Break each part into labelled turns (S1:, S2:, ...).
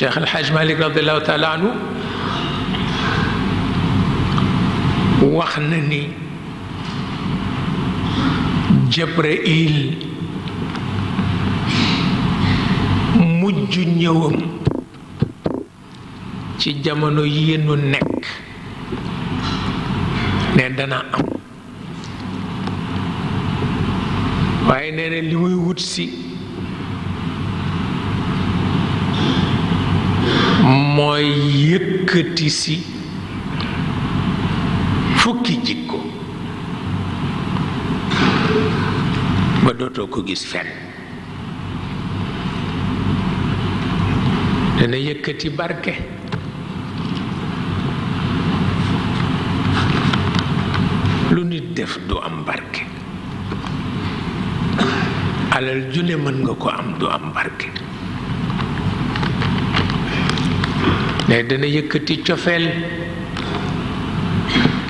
S1: Cheikh El Hadj Malick radiallahu wax na ni Jibril mujj ñëwam ci jamono yi nu nekk ne dana am waaye nee na li muy wut si mooy yëkkati si fukki jikko ba dootoo ko gis fenn dana yëkkati barke lu nit def du am barke alal ju mën nga ko am du am barke ne dana yëkkati cofeel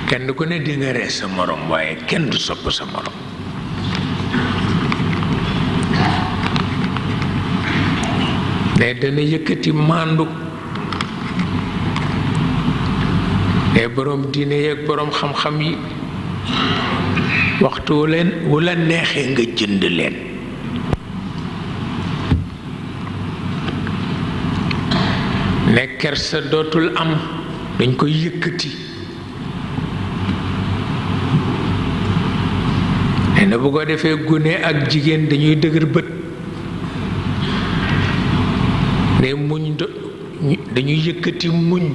S1: kenn ku ne di rees sa moroom waaye kenn du sopp sa morom ne dana yëkkati màndu ne boroom diine yeeg boroom xam-xam yi waxtu leen wu la neexee nga jënd leen ne kersa dootul am dañ koy yëkkati nee na bu ko defee gune ak jigéen dañuy dëgër bët ne muñ dañuy yëkkati muñ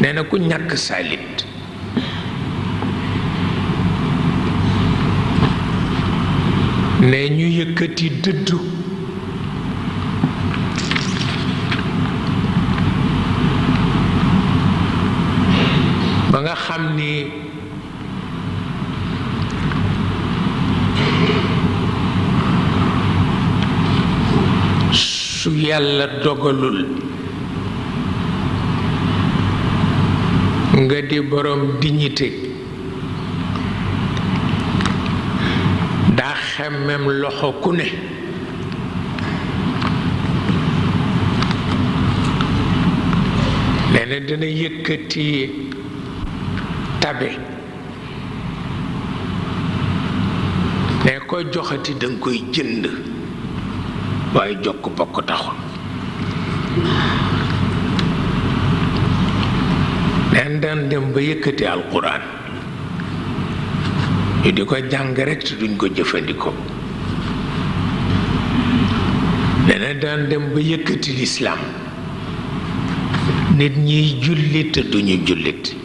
S1: nee na ku ñàkk saalit ne ñu yëkkëti dëddu xam ni su yàlla dogalul nga di borom dignité daa xemmem loxo ku ne nee na dina tabe ne koy joxati danga koy jënd waaye jokk bokk taxul nen daan dem ba yëkkati alxuraan ñu di ko jàng rekk te duñ ko jëfandikoo dana daan dem ba yëkkati lislaam nit ñiy jullit te duñu jullit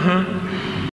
S1: Mm-hmm.